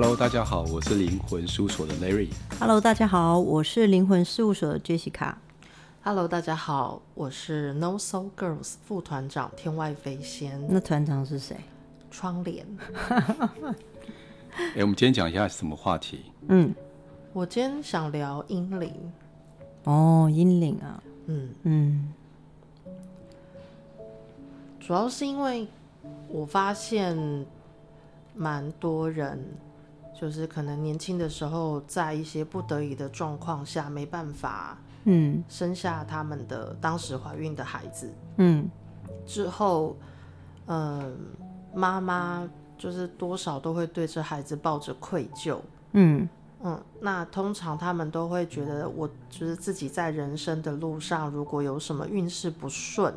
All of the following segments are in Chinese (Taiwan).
Hello，大家好，我是靈魂事務所的 Larry。Hello，大家好，我是靈魂事務所的 Jessica。Hello，大家好，我是 No Soul Girls 副團長天外飛仙。那團長是誰？窗簾簾。哎、 欸，我們今天講一下什麼話題？ 嗯，我今天想聊嬰靈。哦，嬰靈啊。嗯嗯，嗯主要是因為我發現蠻多人。就是可能年輕的時候，在一些不得已的狀況下，沒辦法，嗯，生下他們的當時懷孕的孩子，嗯，之後，嗯，媽媽就是多少都會對這孩子抱着愧疚，嗯嗯，那通常他們都會覺得，我就是自己在人生的路上，如果有什麼運勢不順，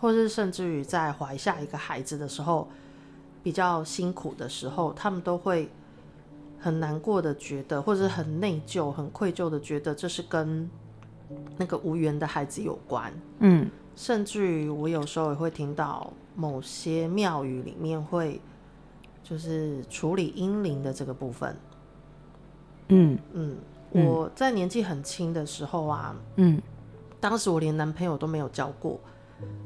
或是甚至於在懷下一個孩子的時候比較辛苦的時候，他們都會。很難過的覺得，或者是很內疚、很愧疚的覺得這是跟那個無緣的孩子有關。嗯，甚至於我有時候也會聽到某些廟宇裡面會就是處理嬰靈的這個部分。嗯嗯，嗯，我在年紀很輕的時候啊，嗯，當時我連男朋友都沒有交過，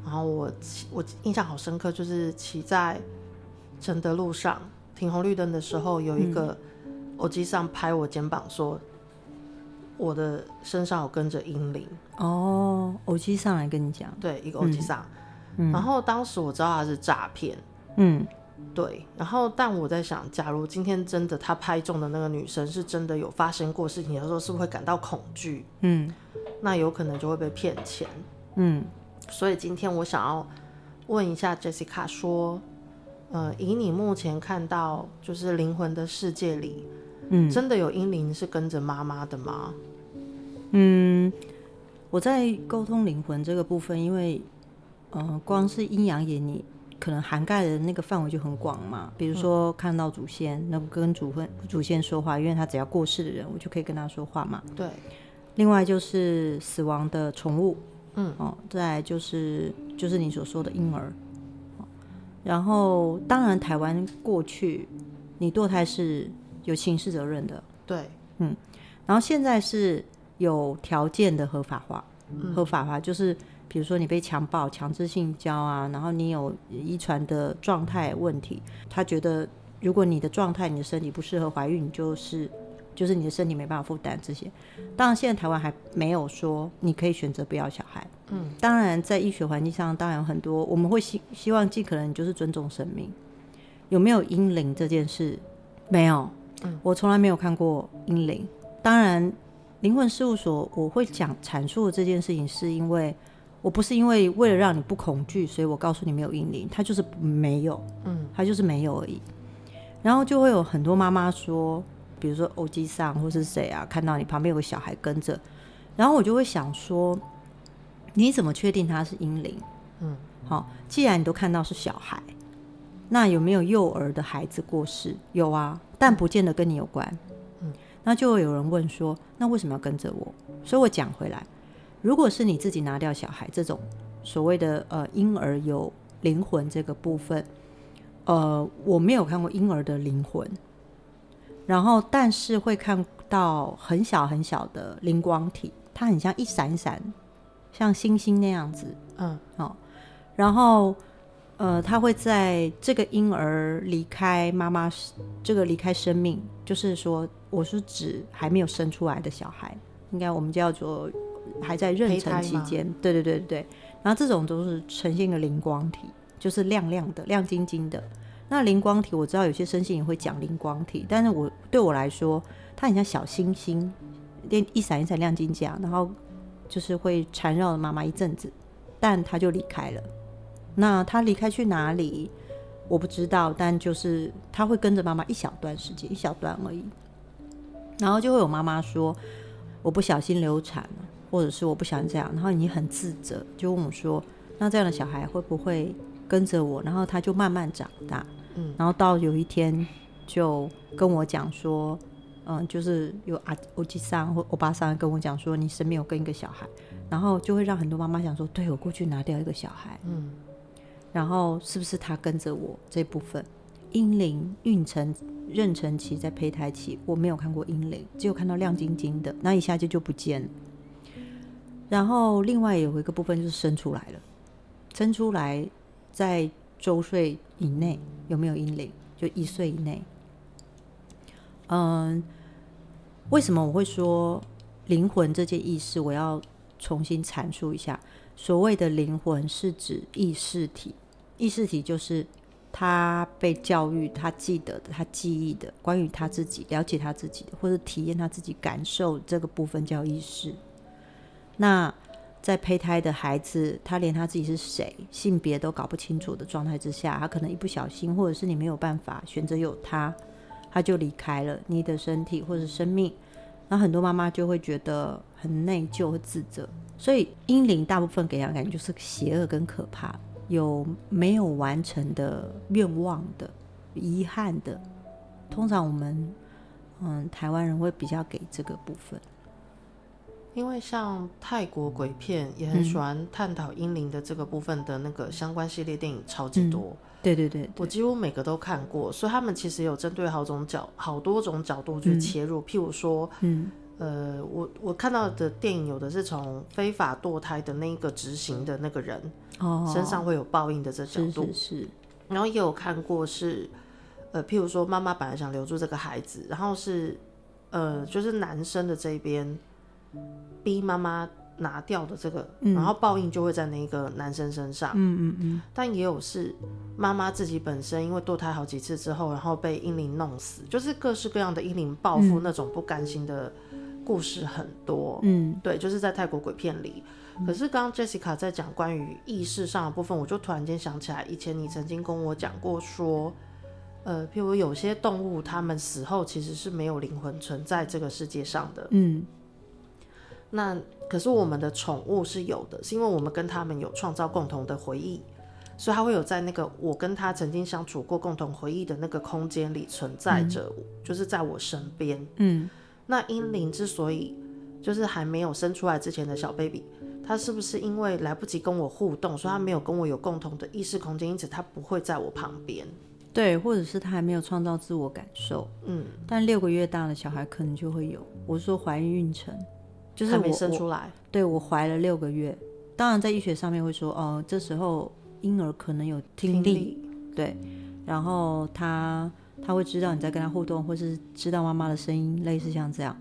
然後我我印象好深刻，就是騎在承德路上停紅綠燈的時候，有一個、嗯。歐吉桑拍我肩膀說：“我的身上有跟着嬰靈。”哦，歐吉桑來跟你講，對，一個歐吉桑。嗯、然後當時我知道他是詐騙。嗯，對。然後，但我在想，假如今天真的他拍中的那個女生是真的有發生過事情的時候，就是、說是不是會感到恐懼？嗯，那有可能就會被騙錢。嗯，所以今天我想要問一下 Jessica 說：“呃，以你目前看到，就是靈魂的世界裡。”嗯，真的有嬰靈是跟着媽媽的嗎？嗯，我在溝通靈魂這個部分，因為，呃，光是陰陽眼，你可能涵蓋的那個範圍就很廣嘛。比如說看到祖先，那不、嗯、跟祖分、嗯、祖先說話，因為他只要過世的人，我就可以跟他說話嘛。對。另外就是死亡的寵物，嗯哦，再就是就是你所說的嬰兒，嗯、然後當然台灣過去你墮胎是。有刑事責任的，對，嗯，然後現在是有條件的合法化，嗯、合法化就是比如說你被強暴、強制性交啊，然後你有遺傳的狀態問題，他覺得如果你的狀態、你的身體不適合懷孕，你就是就是你的身體沒辦法負擔這些。當然，現在台灣還沒有說你可以選擇不要小孩，嗯，當然在醫學環境上，當然有很多我們會希希望儘可能就是尊重生命。有沒有嬰靈這件事？沒有。嗯、我從來沒有看過嬰靈。當然，靈魂事務所我會講闡述的這件事情，是因為我不是因為為了讓你不恐懼，所以我告訴你沒有嬰靈，它就是沒有，嗯，它就是沒有而已。然後就會有很多媽媽說，比如說歐吉桑或是誰啊，看到你旁邊有個小孩跟着，然後我就會想說，你怎麼確定他是嬰靈？嗯，好、哦，既然你都看到是小孩，那有沒有幼兒的孩子過世？有啊。但不見得跟你有關，嗯，那就會有人問說，那為什麼要跟着我？所以我講回來，如果是你自己拿掉小孩這種所謂的呃嬰兒有靈魂這個部分，呃，我沒有看過嬰兒的靈魂，然後但是會看到很小很小的靈光體，它很像一閃一閃，像星星那樣子，嗯，哦，然後。呃，他會在這個嬰兒離開媽媽，這個離開生命，就是說，我是指還沒有生出來的小孩，應該我們叫做還在妊娠期間，對對對對，然後這種都是呈現的靈光體，就是亮亮的、亮晶晶的。那靈光體，我知道有些靈性也會講靈光體，但是我對我來說，它很像小星星，一一閃一閃亮晶晶，然後就是會纏繞媽媽一陣子，但他就離開了。那他離開去哪裡，我不知道。但就是他會跟着媽媽一小段時間，一小段而已。然後就會有媽媽說：“我不小心流產了，或者是我不想這樣。”然後你很自責，就問我說：“那這樣的小孩會不會跟着我？”然後他就慢慢長大，嗯。然後到有一天就跟我講說：“嗯，就是有阿，歐吉桑或歐巴桑跟我講說，你身邊有跟一個小孩。”然後就會讓很多媽媽想說：“對，我過去拿掉一個小孩。”嗯。然後是不是他跟着我這部分？嬰靈孕程妊娠期在胚胎期，我沒有看過嬰靈，只有看到亮晶晶的，那一下就就不見了。然後另外有一個部分就是生出來了，生出來在周歲以內有沒有嬰靈？就一歲以內。嗯，為什麼我會說靈魂這件意識？我要重新闡述一下，所謂的靈魂是指意識體。意識體就是他被教育，他記得的，他記憶的關於他自己，了解他自己的，或者體驗他自己感受這個部分叫意識。那在胚胎的孩子，他連他自己是誰、性別都搞不清楚的狀態之下，他可能一不小心，或者是你沒有辦法選擇有他，他就離開了你的身體或者生命。那很多媽媽就會覺得很內疚和自責，所以嬰靈大部分給人的感覺就是邪惡跟可怕。有沒有完成的願望的、遺憾的？通常我們，嗯，台灣人會比較給這個部分，因為像泰國鬼片也很喜歡探討嬰靈的這個部分的那個相關系列電影超級多。嗯、對，對對對，我幾乎每個都看過，所以他們其實有針對好種角、好多種角度去切入，嗯、譬如說，嗯。呃，我我看到的電影有的是從非法墮胎的那一個執行的那個人身上會有報應的這角度，哦、是、是、是，然後也有看過是，呃，譬如說媽媽本來想留住這個孩子，然後是呃就是男生的這邊逼媽媽拿掉的這個，嗯、然後報應就會在那個男生身上，嗯嗯嗯，嗯但也有是媽媽自己本身因為墮胎好幾次之後，然後被嬰靈弄死，就是各式各樣的嬰靈報復、嗯、那種不甘心的。故事很多，嗯，對，就是在泰國鬼片裡。嗯、可是剛剛 Jessica 在講關於意識上的部分，我就突然間想起來，以前你曾經跟我講過，說，呃，譬如有些動物，它們死後其實是沒有靈魂存在這個世界上的，嗯。那可是我們的寵物是有的，是因為我們跟它們有創造共同的回憶，所以它會有在那個我跟它曾經相處過共同回憶的那個空間裡存在着，嗯、就是在我身邊，嗯。那嬰靈之所以就是還沒有生出來之前的小 baby，他是不是因為來不及跟我互動，所以他沒有跟我有共同的意識空間，因此他不會在我旁邊？對，或者是他還沒有創造自我感受。嗯，但六個月大的小孩可能就會有。我是說懷孕程，就是我沒生出來。對，我懷了六個月，當然在醫學上面會說，哦、呃，這時候嬰兒可能有聽力，聽力對，然後他。他會知道你在跟他互動，或是知道媽媽的聲音，類似像這樣，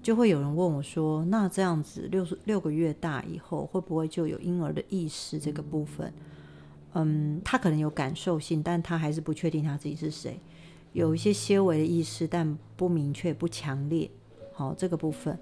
就會有人問我說：“那這樣子六六個月大以後，會不會就有嬰兒的意識這個部分？”嗯，他可能有感受性，但他還是不確定他自己是誰，有一些些微的意識，但不明確、不強烈。好，這個部分。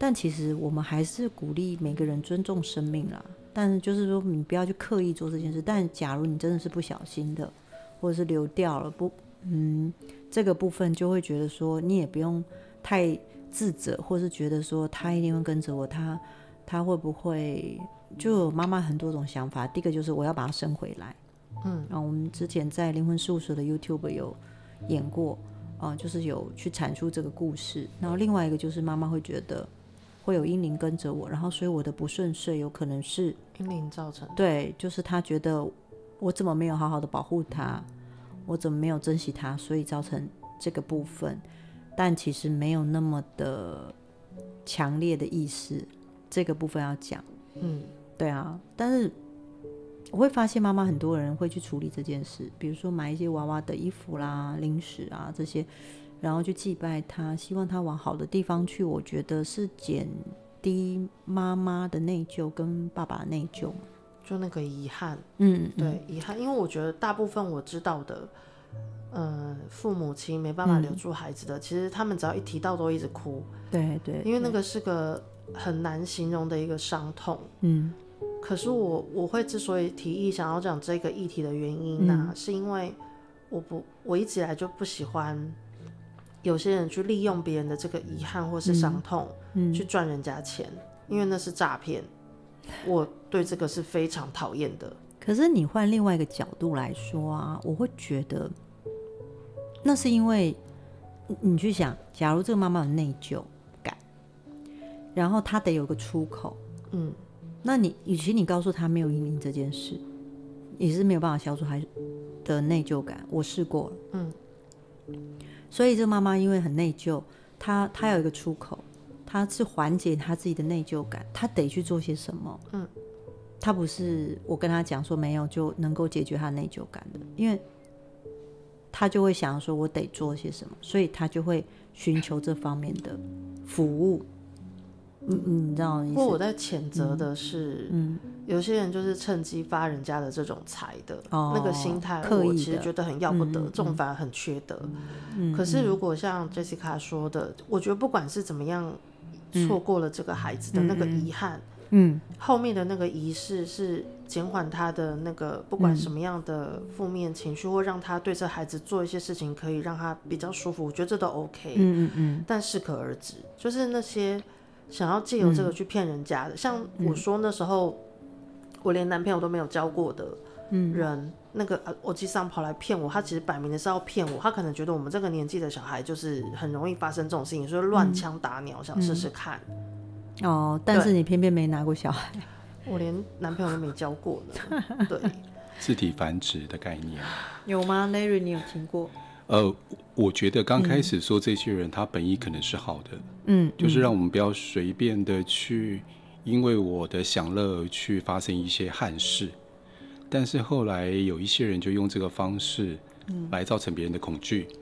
但其實我們還是鼓勵每個人尊重生命啦。但就是說，你不要去刻意做這件事。但假如你真的是不小心的，或者是流掉了，不。嗯，這個部分就會覺得說，你也不用太自責，或是覺得說他一定會跟着我，他他會不會就有媽媽很多種想法，第一個就是我要把他生回來。嗯，然後我們之前在靈魂事務所的 YouTube 有演過，啊、呃，就是有去闡述這個故事，然後另外一個就是媽媽會覺得會有嬰靈跟着我，然後所以我的不順遂有可能是嬰靈造成的，對，就是她覺得我怎麼沒有好好的保護他。我怎麼沒有珍惜他，所以造成這個部分？但其實沒有那麼的強烈的意思。這個部分要講。嗯，對啊。但是我會發現，媽媽很多人會去處理這件事，嗯、比如說買一些娃娃的衣服啦、零食啊這些，然後去祭拜他，希望他往好的地方去。我覺得是減低媽媽的內疚跟爸爸的內疚。就那個遺憾，嗯，對，遺憾，因為我覺得大部分我知道的，嗯，父母親沒辦法留住孩子的，嗯、其實他們只要一提到都一直哭，對對，對因為那個是個很難形容的一個傷痛，嗯。可是我我會之所以提議想要講這個議題的原因呢、啊，嗯、是因為我不我一直以來就不喜歡有些人去利用別人的這個遺憾或是傷痛去賺人家錢，嗯嗯、因為那是詐騙。我對這個是非常討厭的。可是你換另外一個角度來說啊，我會覺得，那是因為你去想，假如這個媽媽有內疚感，然後她得有個出口，嗯，那你，與其你告訴她沒有嬰靈這件事，也是沒有辦法消除她的內疚感。我試過了，嗯，所以這個媽媽因為很內疚，她她有一個出口。他是緩解他自己的內疚感，他得去做些什麼，嗯，他不是我跟他講說沒有就能夠解決他內疚感的，因為他就會想說，我得做些什麼，所以他就會尋求這方面的服務。嗯嗯，你知道，不過我在譴責的是，嗯，有些人就是趁機發人家的這種財的，哦、那個心態，我其實覺得很要不得，這種反而很缺德。嗯，嗯，可是如果像 Jessica 說的，嗯、我覺得不管是怎麼樣。錯過了這個孩子的那個遺憾，嗯，嗯嗯，後面的那個儀式是減緩他的那個不管什麼樣的負面情緒，或讓他對這孩子做一些事情，可以讓他比較舒服。我覺得這都 OK，嗯嗯，嗯嗯但適可而止。就是那些想要借由這個去騙人家的，嗯、像我說那時候我連男朋友都沒有交過的。嗯、人那個，我實際上跑來騙我，他其實擺明的是要騙我。他可能覺得我們這個年紀的小孩就是很容易發生這種事情，所以亂槍打鳥，想試試看、嗯嗯。哦，但是你偏偏沒拿過小孩，對嗯、我連男朋友都沒交過的。 對，自體繁殖，的概念有嗎？Larry，你有聽過？呃，我覺得剛開始說這些人，他本意可能是好的，嗯，就是讓我們不要隨便的去，因為我的享樂而去發生一些憾事。但是後來有一些人就用這個方式，來造成別人的恐懼，嗯、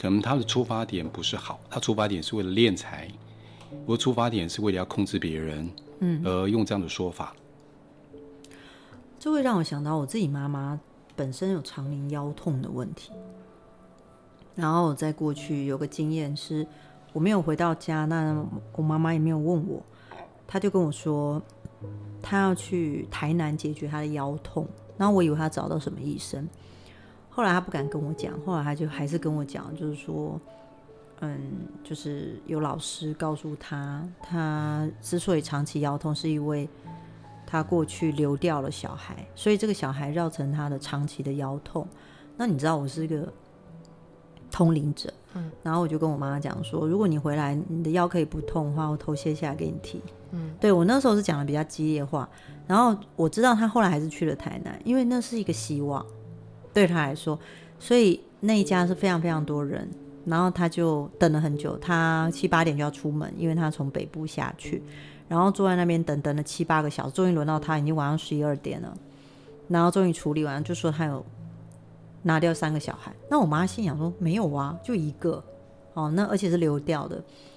可能他的出發點不是好，他出發點是為了斂財，我的出發點是為了要控制別人，嗯，而用這樣的說法、嗯，這會讓我想到我自己媽媽本身有長年腰痛的問題，然後我在過去有個經驗是，我沒有回到家，那我媽媽也沒有問我，她就跟我說，她要去台南解決她的腰痛。然後我以為他找到什麼醫生，後來他不敢跟我講，後來他就還是跟我講，就是說，嗯，就是有老師告訴他，他之所以長期腰痛，是因為他過去流掉了小孩，所以這個小孩繞成他的長期的腰痛。那你知道我是一個？通靈者，然後我就跟我媽講說，如果你回來，你的腰可以不痛的話，我頭卸下來給你提。嗯，對，我那時候是講得比較激烈話。然後我知道他後來還是去了台南，因為那是一個希望對他來說，所以那一家是非常非常多人，然後他就等了很久，他七八點就要出門，因為他從北部下去，然後坐在那邊等，等了七八個小時，終於輪到他，已經晚上十一二點了，然後終於處理完，就說他有。拿掉三個小孩，那我媽心想說沒有啊，就一個，哦，那而且是流掉的，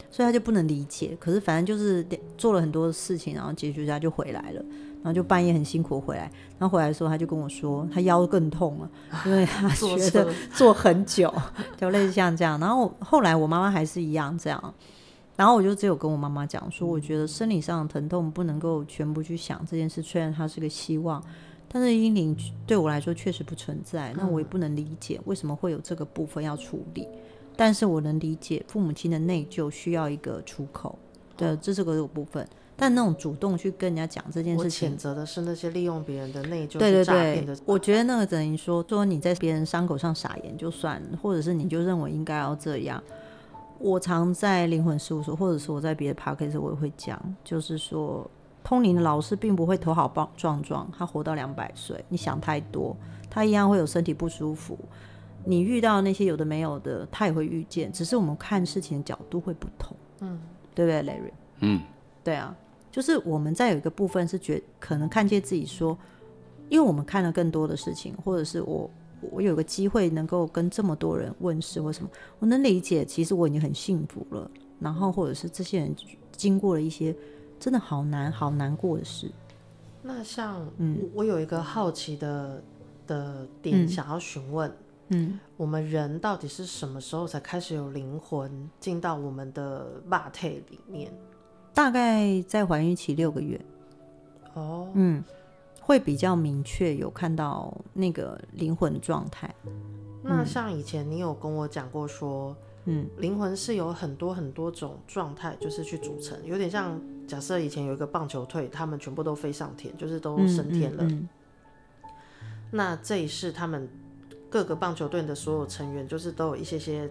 所以她就不能理解。可是反正就是做了很多事情，然後結局她就回來了，然後就半夜很辛苦回來，然後回來的時候她就跟我說，她腰更痛了，嗯、因為她覺得坐很久，就類似像這樣。然後後來我媽媽還是一樣這樣，然後我就只有跟我媽媽講說，我覺得生理上的疼痛不能夠全部去想這件事，雖然她是個希望。但是嬰靈對我來說確實不存在，那我也不能理解為什麼會有這個部分要處理。嗯、但是我能理解父母親的內疚需要一個出口，對、嗯，這是個有部分。但那種主動去跟人家講這件事情，我譴責的是那些利用別人的內疚去詐騙的對,對,對，對，對，我覺得那個等於說，說你在別人傷口上撒鹽就算，或者是你就認為應該要這樣。我常在靈魂事務所，或者是我在別的 podcast 我也會講，就是說。通靈的老師並不會頭好棒壯壯，他活到兩百歲。你想太多，他一樣會有身體不舒服。你遇到那些有的沒有的，他也會遇見，只是我們看事情的角度會不同，嗯，對不對，Larry？嗯，對啊，就是我們在有一個部分是覺得可能看見自己說，因為我們看了更多的事情，或者是我我有個機會能夠跟這麼多人問事或什麼，我能理解，其實我已經很幸福了。然後或者是這些人經過了一些。真的好難，好難過的事。那像，我有一個好奇的、嗯、的點想要詢問，嗯、我們人到底是什麼時候才開始有靈魂進到我們的 body 裡面？大概在懷孕期六個月。哦，嗯，會比較明確有看到那個靈魂的狀態。那像以前你有跟我講過說。嗯嗯，靈魂是有很多很多種狀態，就是去組成，有點像假設以前有一個棒球隊，他們全部都飛上天，就是都升天了。嗯嗯嗯、那這一世，他們各個棒球隊的所有成員，就是都有一些些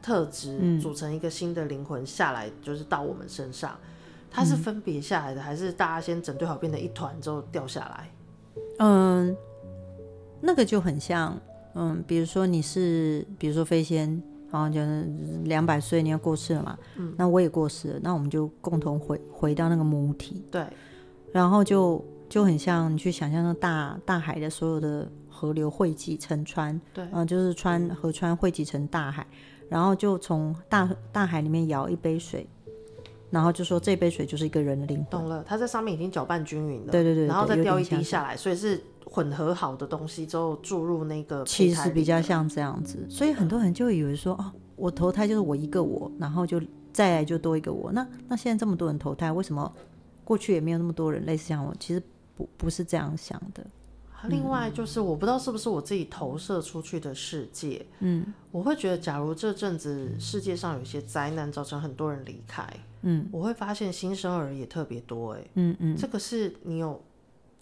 特質組成一個新的靈魂下來，就是到我們身上。嗯、它是分別下來的，還是大家先整隊好，變成一團之後掉下來？嗯，那個就很像，嗯，比如說你是，比如說飛仙。然後、啊、就兩百歲，你要過世了嘛？嗯、那我也過世了，那我們就共同回回到那個母體。對，然後就就很像你去想象，那大大海的所有的河流匯集成川。對，嗯、啊，就是川河川匯集成大海，對然後就從大大海裡面舀一杯水。然後就說，這杯水就是一個人的靈，懂了？它在上面已經攪拌均勻了，對，對對對，然後再掉一滴下來，所以是混合好的東西之後注入那個。其實比較像這樣子，所以很多人就以為說哦，我投胎就是我一個我，然後就再來就多一個我。那那現在這麼多人投胎，為什麼過去也沒有那麼多人類似像我，其實不不是這樣想的。啊，另外就是我不知道是不是我自己投射出去的世界，嗯，我會覺得，假如這陣子世界上有一些災難，造成很多人離開。嗯，我會發現新生兒也特別多，欸，誒、嗯，嗯嗯，這個是你有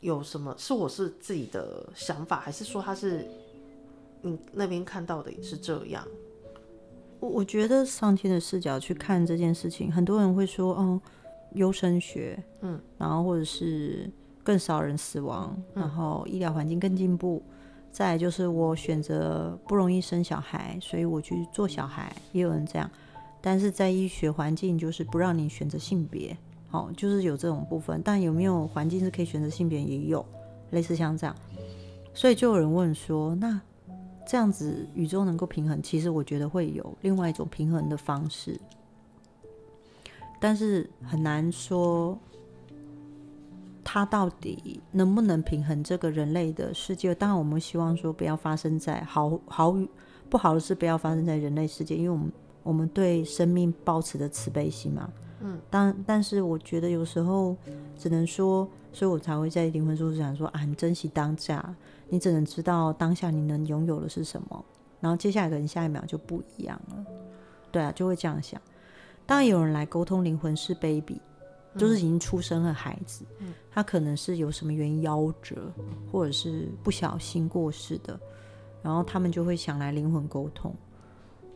有什麼是我是自己的想法，還是說他是你那邊看到的也是這樣？我我覺得上天的視角去看這件事情，很多人會說，哦、嗯，優生學，嗯，然後或者是更少人死亡，然後醫療環境更進步，嗯，再來就是我選擇不容易生小孩，所以我去做小孩，也有人這樣。但是在醫學環境，就是不讓你選擇性別，好，就是有這種部分。但有沒有環境是可以選擇性別，也有類似像這樣。所以就有人問說：“那這樣子宇宙能夠平衡？”其實我覺得會有另外一種平衡的方式，但是很難說它到底能不能平衡這個人類的世界。當然，我們希望說不要發生在好好不好的事，不要發生在人類世界，因為我們。我們對生命抱持的慈悲心嘛，嗯，但但是我覺得有時候只能說，所以我才會在靈魂書中講說，啊，很珍惜當下，你只能知道當下你能擁有的是什麼，然後接下來可能下一秒就不一樣了，對啊，就會這樣想。當然有人來溝通靈魂是 baby，就是已經出生了孩子，他可能是有什麼原因夭折，或者是不小心過世的，然後他們就會想來靈魂溝通。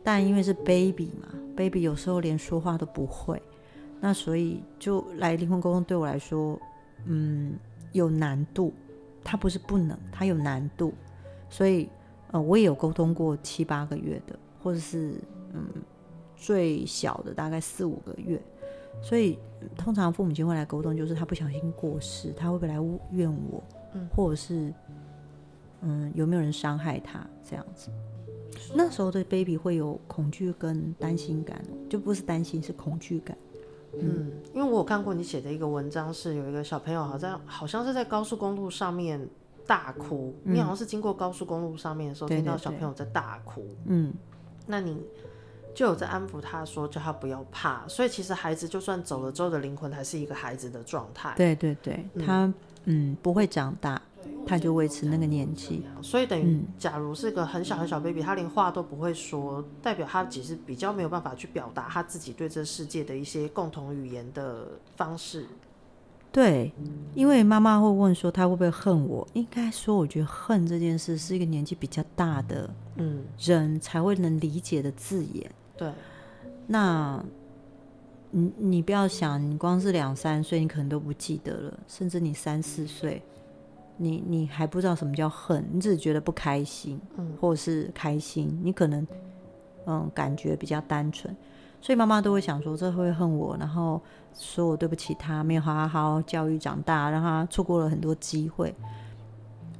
但因為是 baby 嘛，baby 有時候連說話都不會，那所以就來靈魂溝通對我來說，嗯，有難度。他不是不能，他有難度。所以，呃，我也有溝通過七八個月的，或者是嗯，最小的大概四五個月。所以，通常父母親會來溝通，就是他不小心過世，他會不會來怨我，或者是嗯，有沒有人傷害他這樣子。那時候的 baby 會有恐懼跟擔心感，就不是擔心，是恐懼感。嗯，嗯，因為我有看過你寫的一個文章是，是有一個小朋友好像好像是在高速公路上面大哭，嗯、你好像是經過高速公路上面的時候，對對對，聽到小朋友在大哭，嗯，那你就有在安撫他說叫他不要怕，所以其實孩子就算走了之後的靈魂還是一個孩子的狀態，對對對，嗯他嗯不會長大。他就維持那個年紀，嗯、所以等於，假如是個很小很小 baby，他連話都不會說，代表他其實比較沒有辦法去表達他自己對這世界的一些共同語言的方式。對，嗯、因為媽媽會問說他會不會恨我？應該說，我覺得恨這件事是一個年紀比較大的，嗯，人才會能理解的字眼。對，那，你你不要想，你光是兩三歲，你可能都不記得了，甚至你三四歲。你你還不知道什麼叫恨，你只覺得不開心，或是開心，你可能嗯感覺比較單純，所以媽媽都會想說，這會恨我，然後說我對不起他，沒有好好、好教育長大，讓他錯過了很多機會。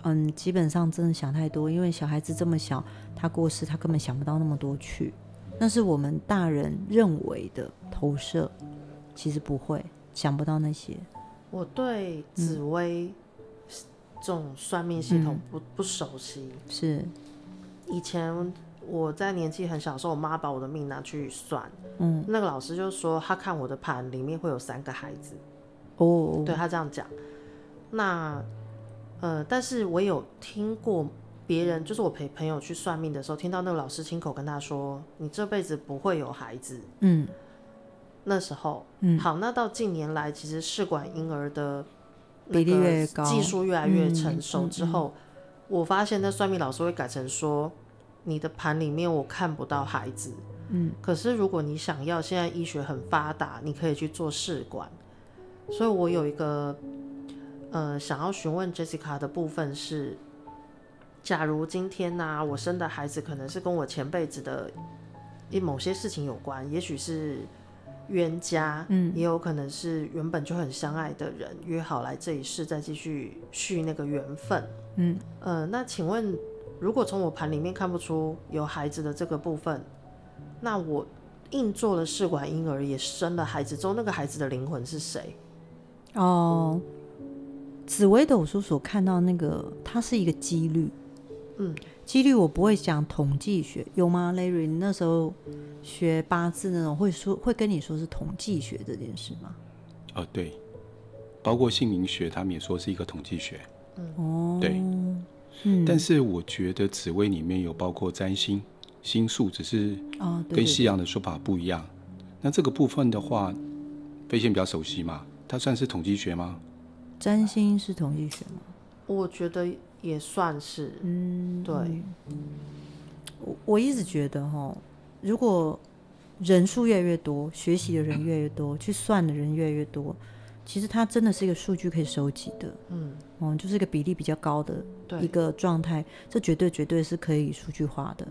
嗯，基本上真的想太多，因為小孩子這麼小，他過世他根本想不到那麼多去，那是我們大人認為的投射，其實不會想不到那些。我對紫薇，這種算命系統不、嗯、不熟悉，是以前我在年紀很小的時候，我媽把我的命拿去算，嗯，那個老師就說他看我的盤裡面會有三個孩子，哦，哦，哦，對他這樣講。那呃，但是我有聽過別人，就是我陪朋友去算命的時候，聽到那個老師親口跟他說：“你這輩子不會有孩子。”嗯，那時候，嗯、好，那到近年來，其實試管嬰兒的。比技術越來越成熟之後，嗯嗯嗯、我發現那算命老師會改成說，你的盤裡面我看不到孩子，嗯、可是如果你想要，現在醫學很發達，你可以去做試管。所以我有一個，呃、想要詢問 Jessica 的部分是，假如今天呢、啊，我生的孩子可能是跟我前輩子的一某些事情有關，也許是。冤家，嗯，也有可能是原本就很相愛的人，嗯、約好來這一世再繼續續續那個緣分，嗯，呃，那請問，如果從我盤裡面看不出有孩子的這個部分，那我硬做了試管嬰兒也生了孩子之後，那個孩子的靈魂是誰？哦，紫微的我所看到那個，它是一個幾率，嗯。幾率我不會講統計學，有嗎？Larry，你那時候學八字那種會說會跟你說是統計學這件事嗎？哦，對，包括姓名學，他們也說是一個統計學。嗯，哦，對，嗯，但是我覺得紫微裡面有包括占星、星數，只是跟西洋的說法不一樣。哦、對對對，那這個部分的話，飛仙比較熟悉嘛，它算是統計學嗎？占星是統計學嗎？我覺得。也算是，嗯，對，我、嗯、我一直覺得哈、哦，如果人數越來越多，學習的人越來越多，去算的人越來越多，其實它真的是一個數據可以收集的，嗯，嗯，就是一個比例比較高的一個狀態，對這絕對絕對是可以數據化的。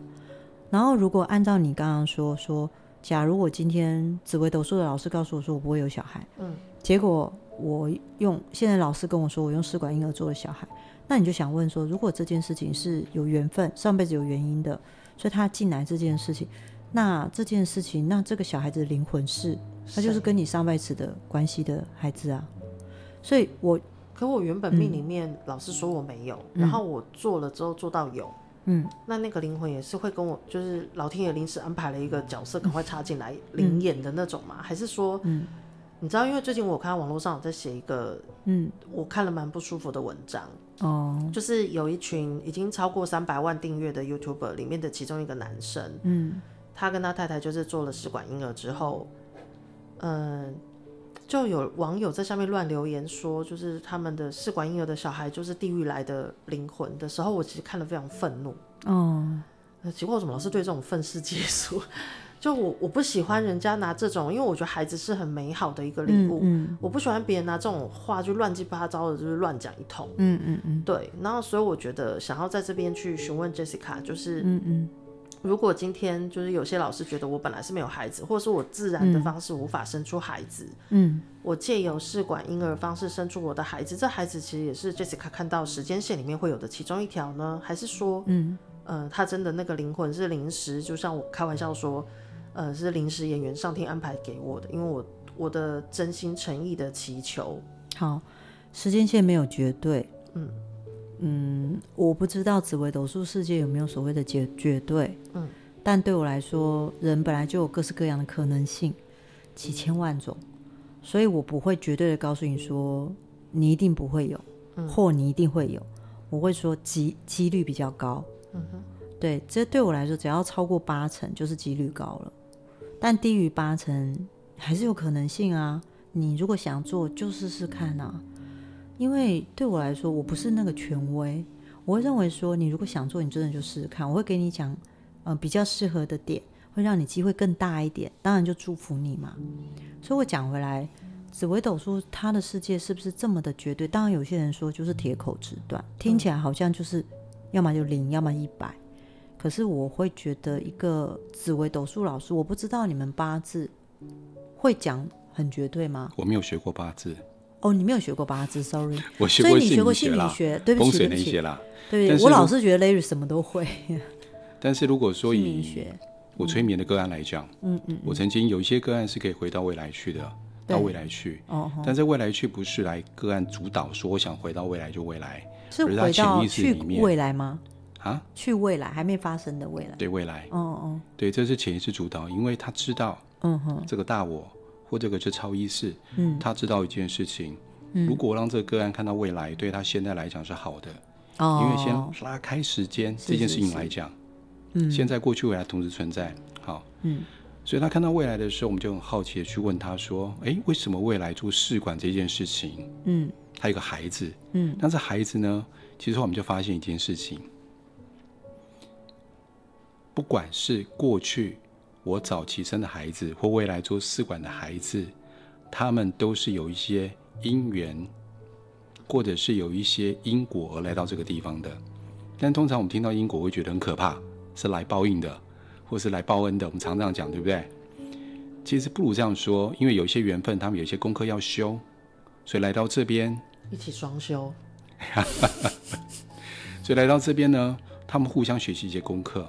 然後，如果按照你剛剛說說，假如我今天紫微斗數的老師告訴我說我不會有小孩，嗯，結果我用現在老師跟我說我用試管嬰兒做的小孩。那你就想問說，如果這件事情是有緣分，上輩子有原因的，所以他進來這件事情，那這件事情，那這個小孩子的靈魂是，他就是跟你上輩子的關係的孩子啊。所以我，我可我原本命裡面老是說我沒有，嗯、然後我做了之後做到有，嗯，那那個靈魂也是會跟我，就是老天爺臨時安排了一個角色，趕快插進來靈驗、嗯、的那種嘛？還是說，嗯、你知道，因為最近我看到網絡上我在寫一個，嗯，我看了蠻不舒服的文章。哦，oh. 就是有一群已經超過三百萬訂閱的 YouTuber 裡面的其中一個男生，嗯，mm. 他跟他太太就是做了試管嬰兒之後，嗯、呃，就有網友在下面亂留言說，就是他們的試管嬰兒的小孩就是地獄來的靈魂的時候，我其實看了非常憤怒。嗯，oh. 奇怪，我怎麼老是對這種憤世嫉俗？就我我不喜歡人家拿這種，因為我覺得孩子是很美好的一個禮物。嗯嗯、我不喜歡別人拿這種話就亂七八糟的，就是亂講一通。嗯嗯嗯。嗯嗯對。然後所以我覺得想要在這邊去詢問 Jessica，就是、嗯嗯、如果今天就是有些老師覺得我本來是沒有孩子，或者是我自然的方式無法生出孩子，嗯，我借由試管嬰兒方式生出我的孩子，這孩子其實也是 Jessica 看到時間線裡面會有的其中一條呢？還是說，嗯他、呃、真的那個靈魂是臨時？就像我開玩笑說。呃，是臨時演員，上天安排給我的，因為我我的真心誠意的祈求。好，時間線沒有絕對，嗯嗯，我不知道紫微斗數世界有沒有所謂的絕絕對，嗯，但對我來說，嗯、人本來就有各式各樣的可能性，幾千萬種，嗯、所以我不會絕對的告訴你說你一定不會有，嗯、或你一定會有，我會說機機率比較高，嗯哼，對，這對我來說只要超過八成就是機率高了。但低於八成還是有可能性啊！你如果想做，就試試看啊！因為對我來說，我不是那個權威，我會認為說，你如果想做，你真的就試試看。我會給你講，嗯、呃，比較適合的點，會讓你機會更大一點。當然就祝福你嘛。所以，我講回來，紫微斗數他的世界是不是這麼的絕對？當然，有些人說就是鐵口直斷，聽起來好像就是要麼就零，要麼一百。可是我會覺得一個紫微斗數老師，我不知道你們八字會講很絕對嗎？我沒有學過八字。哦，oh, 你沒有學過八字，sorry。我學過心理學，學，學，對不起，風水那些啦。對，我，我老是覺得 Larry 什麼都會。 但是如果說以我催眠的個案來講，嗯嗯，我曾經有一些個案是可以回到未來去的，嗯、到未來去。哦對。但在未來去不是來個案主導，說我想回到未來就未來，是回到去未來嗎？啊，去未來還沒發生的未來，對未來，哦對，這是潛意識主導，因為他知道，嗯哼，這個大我或這個是超意識，嗯，他知道一件事情，如果讓這個個案看到未來，對他現在來講是好的，因為先拉開時間這件事情來講，嗯，現在、過去、未來同時存在，好，嗯，所以他看到未來的時候，我們就很好奇的去問他說，哎，為什麼未來做試管這件事情，嗯，他有個孩子，嗯，但是孩子呢，其實我們就發現一件事情。不管是過去我早期生的孩子，或未來做試管的孩子，他們都是有一些因緣，或者是有一些因果而來到這個地方的。但通常我們聽到因果會覺得很可怕，是來報應的，或是來報恩的。我們常這樣講，對不對？其實不如這樣說，因為有一些緣分，他們有一些功課要修，所以來到這邊一起雙修。 所以來到這邊呢，他們互相學習一些功課。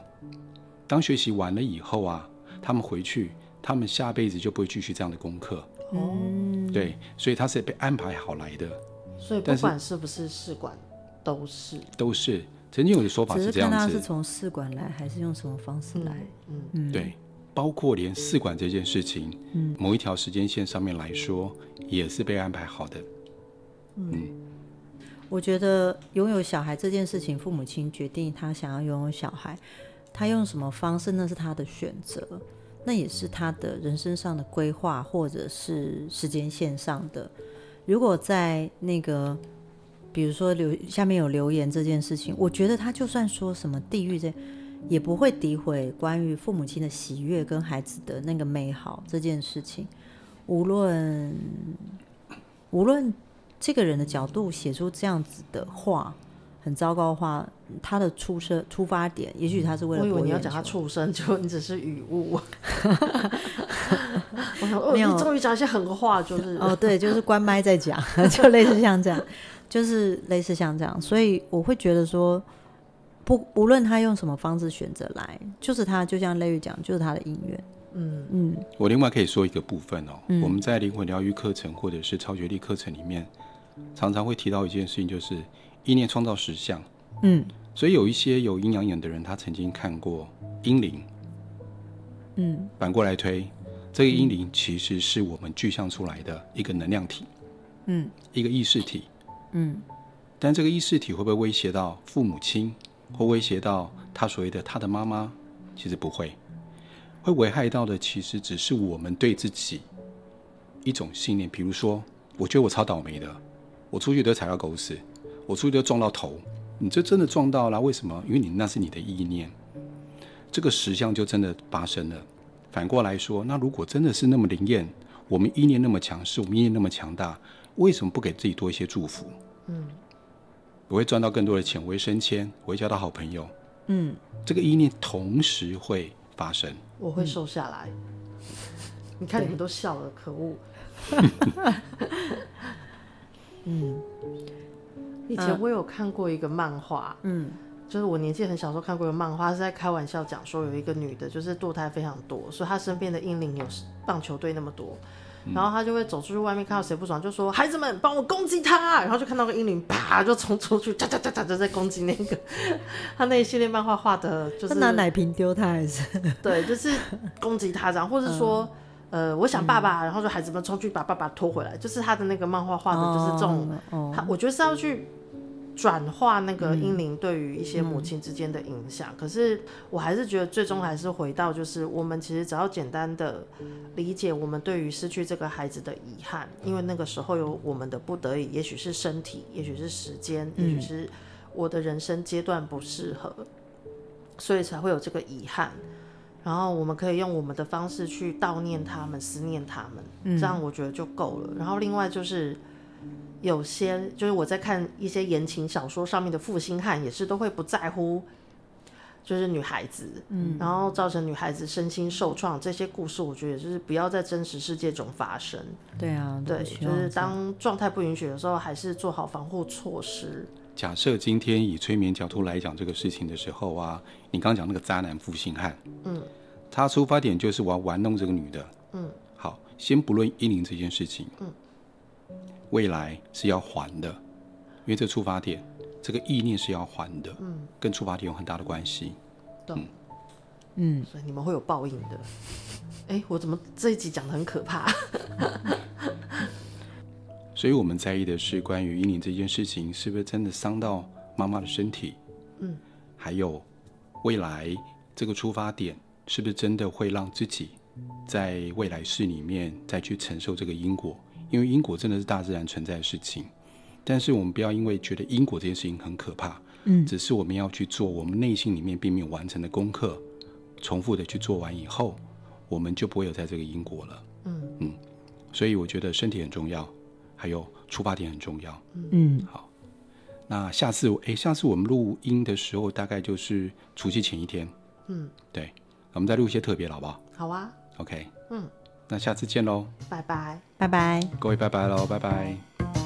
當學習完了以後啊，他們回去，他們下輩子就不會繼續這樣的功課哦。嗯、對，所以他是被安排好來的。所以不管是不是試管，都是都是。曾經有的說法是這樣子。只是看他是從試管來，還是用什麼方式來。嗯嗯。嗯對，包括連試管這件事情，嗯、某一條時間線上面來說，也是被安排好的。嗯。嗯我覺得擁有小孩這件事情，父母親決定他想要擁有小孩。他用什麼方式呢？是他的選擇，那也是他的人生上的規劃，或者是時間線上的。如果在那個，比如說留下面有留言這件事情，我覺得他就算說什麼地獄這，也不會詆毀關於父母親的喜悅跟孩子的那個美好這件事情。無論無論這個人的角度寫出這樣子的話。很糟糕的話，他的出生出發點，也許他是為了我以為你要講他畜生，就你只是語誤。你終於講一些狠話，就是哦，對，就是關麥在講， 就類似像這樣，就是類似像這樣，所以我會覺得說，不，無論他用什麼方式選擇來，就是他就像 Larry 講，就是他的音樂，嗯嗯。嗯，我另外可以說一個部分哦，我們在靈魂療癒課程或者是超覺力課程裡面，嗯、常常會提到一件事情，就是。意念創造實相，嗯，所以有一些有陰陽眼的人，他曾經看過嬰靈，嗯，反過來推，這個嬰靈其實是我們具象出來的一個能量體，嗯，一個意識體，嗯，但這個意識體會不會威脅到父母親，嗯、或威脅到他所謂的他的媽媽？其實不會，會危害到的其實只是我們對自己一種信念，比如說，我覺得我超倒霉的，我出去都踩到狗屎。我出去就撞到頭，你這真的撞到了？為什麼？因為你那是你的意念，這個實相就真的發生了。反過來說，那如果真的是那麼靈驗，我們意念那麼強勢，是我們意念那麼強大，為什麼不給自己多一些祝福？嗯，我會賺到更多的錢，我會升遷，我會交到好朋友。嗯，這個意念同時會發生。我會瘦下來。嗯、你看你們都笑了，對可惡。 嗯。以前我有看過一個漫畫，嗯，就是我年紀很小時候看過一個漫畫，是在開玩笑講說有一個女的，就是墮胎非常多，所以她身邊的嬰靈有棒球隊那麼多，然後她就會走出去外面看到誰不爽就說、嗯、孩子們幫我攻擊她，然後就看到個嬰靈啪就衝出去，噠噠噠噠在攻擊那個，她那一系列漫畫畫的就是拿奶瓶丟她，還是 對，就是攻擊她這樣，或者說。嗯呃，我想爸爸，嗯、然後就孩子們衝去把爸爸拖回來，就是他的那個漫畫畫的，就是這種、哦哦他。我覺得是要去轉化那個嬰靈對於一些母親之間的影響。嗯嗯、可是我還是覺得最終還是回到，就是我們其實只要簡單的理解，我們對於失去這個孩子的遺憾，嗯、因為那個時候有我們的不得已，也許是身體，也許是時間，嗯、也許是我的人生階段不適合，所以才會有這個遺憾。然後我們可以用我們的方式去悼念他們、嗯、思念他們，這樣我覺得就夠了。然後另外就是，有些就是我在看一些言情小說上面的負心漢，也是都會不在乎，就是女孩子，嗯、然後造成女孩子身心受創這些故事，我覺得就是不要在真實世界中發生。對啊，對，對，就是當狀態不允許的時候，還是做好防護措施。假設今天以催眠角度來講這個事情的時候啊，你剛剛講那個渣男負心漢，嗯，他出發點就是我要玩弄這個女的，嗯，好，先不論嬰靈這件事情，嗯，未來是要還的，因為這出發點，這個意念是要還的，嗯，跟出發點有很大的關係，對嗯，所以你們會有報應的，哎，我怎麼這一集講得很可怕？ 所以我們在意的是關於嬰靈這件事情，是不是真的傷到媽媽的身體？嗯，還有未來這個出發點，是不是真的會讓自己在未來世裡面再去承受這個因果？因為因果真的是大自然存在的事情。但是我們不要因為覺得因果這件事情很可怕，嗯，只是我們要去做我們內心裡面並沒有完成的功課，重複的去做完以後，我們就不會有在這個因果了。嗯嗯，所以我覺得身體很重要。還有出發點很重要。嗯，好，那下次我、欸、下次我們錄音的時候大概就是除夕前一天。嗯，對，我們再錄一些特別的，好不好？好啊。OK。嗯，那下次見嘍。拜拜，拜拜，各位拜拜嘍，拜拜。拜拜。